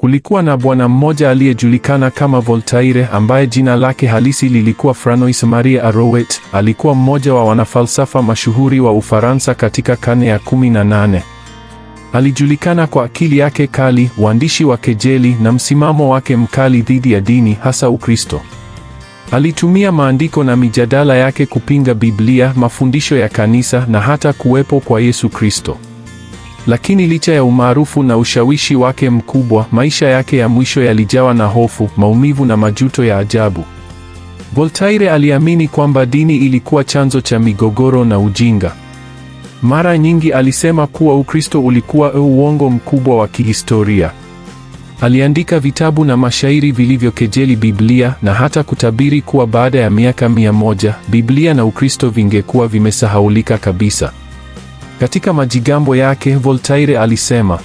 Kulikuwa na bwana mmoja aliyejulikana kama Voltaire ambaye jina lake halisi lilikuwa Franois Marie Arouet. Alikuwa mmoja wa wanafalsafa mashuhuri wa Ufaransa katika karne ya 18. Alijulikana kwa akili yake kali, uandishi wa kejeli na msimamo wake mkali dhidi ya dini, hasa Ukristo. Alitumia maandiko na mijadala yake kupinga Biblia, mafundisho ya kanisa na hata kuwepo kwa Yesu Kristo. Lakini licha ya umaarufu na ushawishi wake mkubwa, maisha yake ya mwisho yalijawa na hofu, maumivu na majuto ya ajabu. Voltaire aliamini kwamba dini ilikuwa chanzo cha migogoro na ujinga. Mara nyingi alisema kuwa Ukristo ulikuwa uongo mkubwa wa kihistoria. Aliandika vitabu na mashairi vilivyokejeli Biblia na hata kutabiri kuwa baada ya miaka mia moja Biblia na Ukristo vingekuwa vimesahaulika kabisa. Katika majigambo yake Voltaire alisema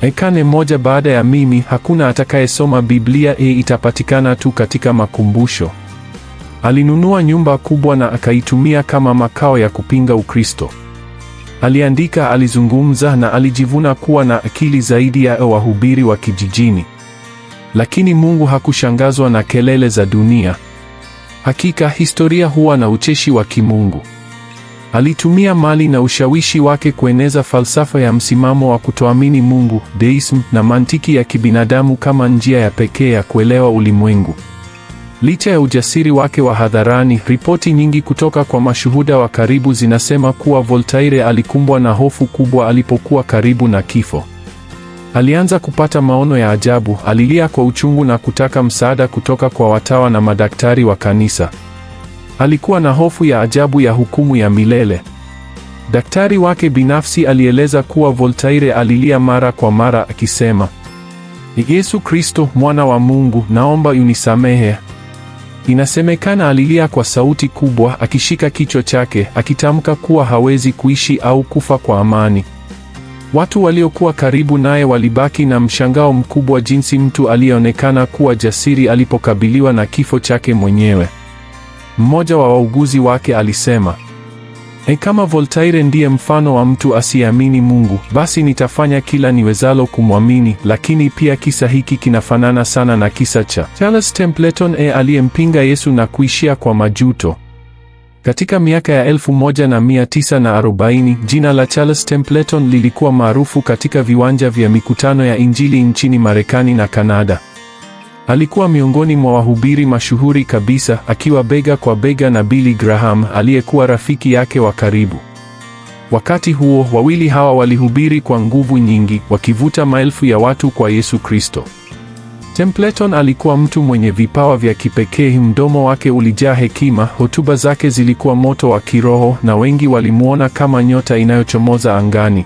ekane moja baada ya mimi hakuna atakayesoma Biblia, e itapatikana tu katika makumbusho. Alinunua nyumba kubwa na akaitumia kama makao ya kupinga Ukristo. Aliandika, alizungumza na alijivuna kuwa na akili zaidi ya wahubiri wa kijijini. Lakini Mungu hakushangazwa na kelele za dunia. Hakika historia huwa na ucheshi wa kimungu. Alitumia mali na ushawishi wake kueneza falsafa ya msimamo wa kutoamini Mungu, deism, na mantiki ya kibinadamu kama njia ya pekee ya kuelewa ulimwengu. Licha ya ujasiri wake wa hadharani, ripoti nyingi kutoka kwa mashuhuda wa karibu zinasema kuwa Voltaire alikumbwa na hofu kubwa alipokuwa karibu na kifo. Alianza kupata maono ya ajabu, alilia kwa uchungu na kutaka msaada kutoka kwa watawa na madaktari wa kanisa. Alikuwa na hofu ya ajabu ya hukumu ya milele. Daktari wake binafsi alieleza kuwa Voltaire alilia mara kwa mara akisema, Yesu Kristo, mwana wa Mungu, naomba unisamehe. Inasemekana alilia kwa sauti kubwa, akishika kichwa chake, akitamka kuwa hawezi kuishi au kufa kwa amani. Watu waliokuwa karibu naye walibaki na mshangao mkubwa jinsi mtu aliyeonekana kuwa jasiri alipokabiliwa na kifo chake mwenyewe. Mmoja wa wauguzi wake alisema, E, kama Voltaire ndiye mfano wa mtu asiyeamini Mungu, basi nitafanya kila niwezalo kumwamini, lakini pia kisa hiki kinafanana sana na kisa cha Charles Templeton e, aliyempinga Yesu na kuishia kwa majuto. Katika miaka ya 1940 jina la Charles Templeton lilikuwa maarufu katika viwanja vya mikutano ya Injili nchini Marekani na Kanada. Alikuwa miongoni mwa wahubiri mashuhuri kabisa, akiwa bega kwa bega na Billy Graham aliyekuwa rafiki yake wa karibu. Wakati huo, wawili hawa walihubiri kwa nguvu nyingi, wakivuta maelfu ya watu kwa Yesu Kristo. Templeton alikuwa mtu mwenye vipawa vya kipekee. Mdomo wake ulijaa hekima, hotuba zake zilikuwa moto wa kiroho, na wengi walimwona kama nyota inayochomoza angani.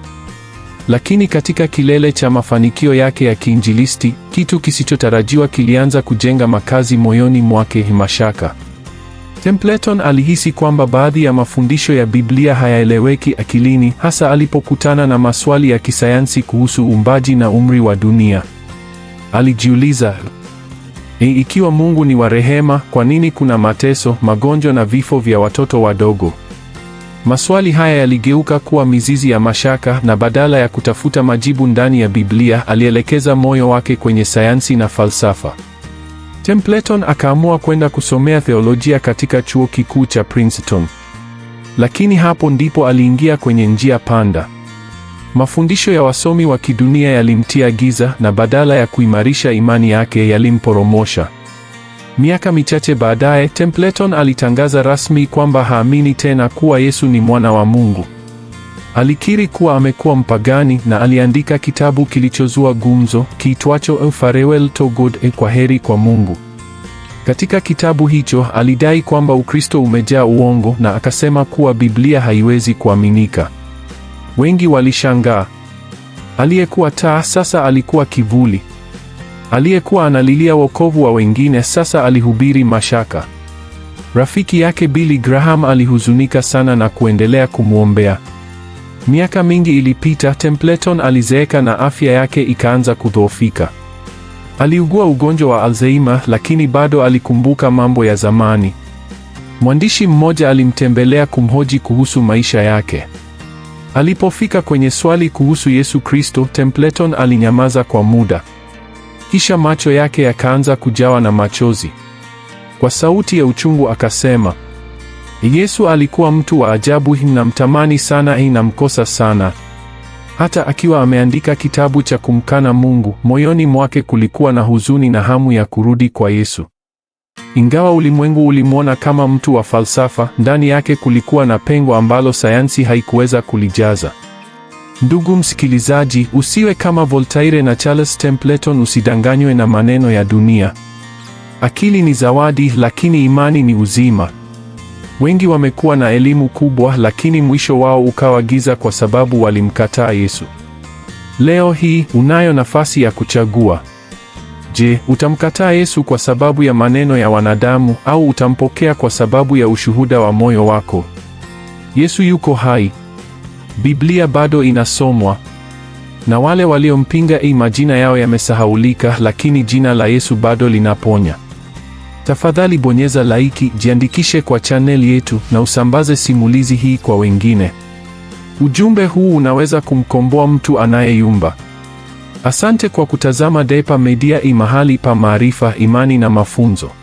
Lakini katika kilele cha mafanikio yake ya kiinjilisti, kitu kisichotarajiwa kilianza kujenga makazi moyoni mwake: mashaka. Templeton alihisi kwamba baadhi ya mafundisho ya Biblia hayaeleweki akilini, hasa alipokutana na maswali ya kisayansi kuhusu uumbaji na umri wa dunia. Alijiuliza, E, ikiwa Mungu ni wa rehema, kwa nini kuna mateso, magonjwa na vifo vya watoto wadogo? Maswali haya yaligeuka kuwa mizizi ya mashaka, na badala ya kutafuta majibu ndani ya Biblia, alielekeza moyo wake kwenye sayansi na falsafa. Templeton akaamua kwenda kusomea theolojia katika chuo kikuu cha Princeton. Lakini hapo ndipo aliingia kwenye njia panda. Mafundisho ya wasomi wa kidunia yalimtia giza na badala ya kuimarisha imani yake yalimporomosha. Miaka michache baadaye, Templeton alitangaza rasmi kwamba haamini tena kuwa Yesu ni mwana wa Mungu. Alikiri kuwa amekuwa mpagani na aliandika kitabu kilichozua gumzo kiitwacho A Farewell to God, e, kwa heri kwa Mungu. Katika kitabu hicho alidai kwamba Ukristo umejaa uongo na akasema kuwa Biblia haiwezi kuaminika. Wengi walishangaa. Aliyekuwa taa sasa alikuwa kivuli. Aliyekuwa analilia wokovu wa wengine sasa alihubiri mashaka. Rafiki yake Billy Graham alihuzunika sana na kuendelea kumwombea. Miaka mingi ilipita, Templeton alizeeka na afya yake ikaanza kudhoofika. Aliugua ugonjwa wa Alzheimer lakini bado alikumbuka mambo ya zamani. Mwandishi mmoja alimtembelea kumhoji kuhusu maisha yake. Alipofika kwenye swali kuhusu Yesu Kristo, Templeton alinyamaza kwa muda. Kisha macho yake yakaanza kujawa na machozi. Kwa sauti ya uchungu akasema, Yesu alikuwa mtu wa ajabu, namtamani sana, namkosa sana. Hata akiwa ameandika kitabu cha kumkana Mungu, moyoni mwake kulikuwa na huzuni na hamu ya kurudi kwa Yesu. Ingawa ulimwengu ulimwona kama mtu wa falsafa, ndani yake kulikuwa na pengo ambalo sayansi haikuweza kulijaza. Ndugu msikilizaji, usiwe kama Voltaire na Charles Templeton, usidanganywe na maneno ya dunia. Akili ni zawadi, lakini imani ni uzima. Wengi wamekuwa na elimu kubwa, lakini mwisho wao ukawa giza kwa sababu walimkataa Yesu. Leo hii unayo nafasi ya kuchagua. Je, utamkataa Yesu kwa sababu ya maneno ya wanadamu au utampokea kwa sababu ya ushuhuda wa moyo wako? Yesu yuko hai, Biblia bado inasomwa na wale waliompinga, i majina yao yamesahaulika, lakini jina la Yesu bado linaponya. Tafadhali bonyeza laiki, jiandikishe kwa chaneli yetu na usambaze simulizi hii kwa wengine. Ujumbe huu unaweza kumkomboa mtu anayeyumba. Asante kwa kutazama Depa Media, i mahali pa maarifa, imani na mafunzo.